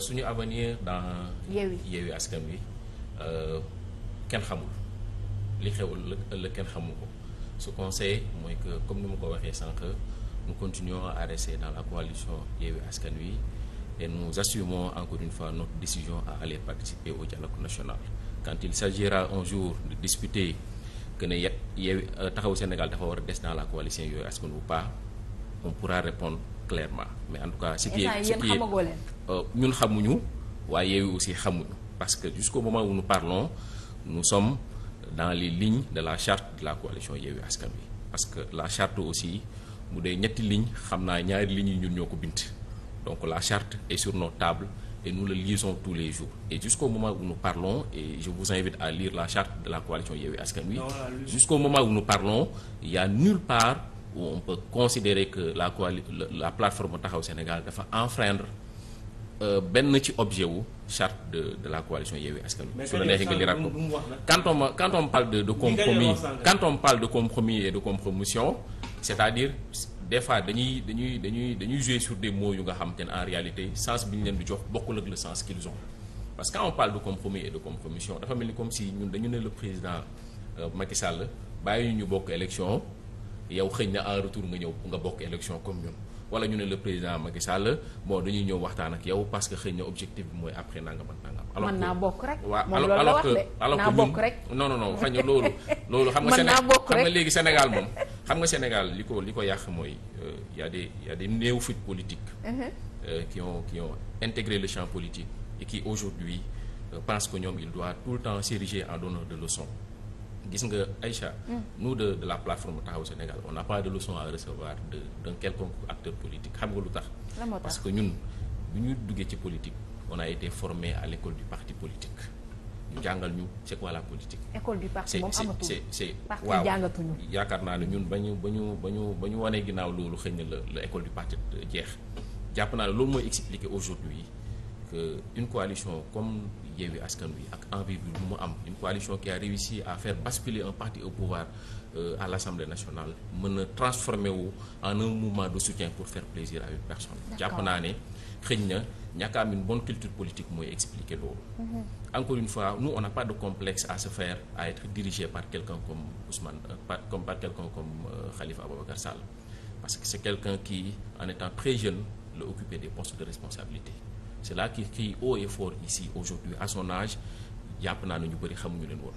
suñu avenir dans yeewi yeewi askan wi euh, kenn xamul li xew ëllëg kenn xamul ko su conseil mooy que comme ni ma ko waxee sànq nous continuons à rester dans la coalition yeewi askan wi et nous assumons encore une fois notre décision à aller participer au dialogue national quand il s'agira un jour de discuter que ne yeewi euh, taxawu Sénégal dafa war a des dans la coalition yeewi askan wu pas on pourra répondre clairement mais en tout cas ce qui est euh, ñun xamuñu waaye yooyu aussi xamuñu parce que jusqu'au moment où nous parlons nous sommes dans les lignes de la charte de la coalition Yewwi Askan Wi parce que la charte aussi mu dee ñetti ligne xam naa ñaari lignes yi ñun ñoo ko bind donc la charte est sur nos tables et nous le lisons tous les jours et jusqu'au moment où nous parlons et je vous invite à lire la charte de la coalition Yewwi Askan Wi jusqu'au moment où nous parlons a où on peut considérer que la coali la plateforme Taxawu Sénégal dafa enfreindre euh, benn ci objet wu charte de de la coalition Yewwi Askan Wi su la neexee nga li rak ko quand on quand on parle de de compromis et de compromission c'est-à-dire des dañuy dañuy dañuy dañuy jouer sur des mots yu nga xam te ne en réalité sens bi ñu leen di jox bokk ak le sens qu'ils ont parce que quand on parle de compromis et de compromission dafa mel ni comme si ñun dañu ne le président euh, Macky Sall bàyyi ñu bokk élection yow xëñ na en retour nga ñëw nga bokk élection comme ñun wala ñu ne le président Macky Sall bon dañuy ñëw waxtaan ak yow parce que xëy na objectif bi mooy après nangam ak nangam. alors mën naa bokk rek. moom loolu la wax de alors que alors que ñun non non non xëy na loolu. loolu xam nga Sénégal léegi Sénégal moom. xam nga Sénégal li ko li ko yàq mooy euh, y a des y a des néophytes politiques. Mhm. Euh, qui ont intégré le champ politique et qui aujourd'hui euh, pensent ko ñoom il doit tout le temps s'ériger en donneur gis nga Aïcha mm. nous de de la plateforme Taxawu Sénégal on n'a pas de leçon à recevoir de d'un quelconque acteur politique xam nga lu tax parce que ñun bu ñu duggee ci politique on a été formé à l'école du parti politique ñu jàngal ñu c'est quoi la politique école du parti moom amatul c'est c'est waaw jàngatuñu yaakaar naa ne ñun ba ñu ba ñu ba ñu ba ñu wanee ginnaaw loolu xëñ na la la école du parti jeex jàpp naa ne loolu mooy expliquer aujourd'hui que une coalition comme Yewwi Askan Wi ak envie bi bu mu am une coalition qui a réussi à faire basculer un parti au pouvoir euh, à l'Assemblée nationale mën a transformer wu en un mouvement de soutien pour faire plaisir à personne jàpp naa ne xëñ na ñàkk a am une bonne culture politique mooy expliquer loolu mm-hmm. encore une fois nous on n'a pas de complexe à se faire à être dirigé par quelqu'un comme Ousmane euh, par, comme par quelqu'un comme euh, Khalifa Ababacar Sall parce que c'est quelqu'un qui en étant très jeune l'a occupé des postes de responsabilité c'est là kii crie haut et fort aujourd'hui à son âge jàpp naa ne ñu bëri xamuñu leen woon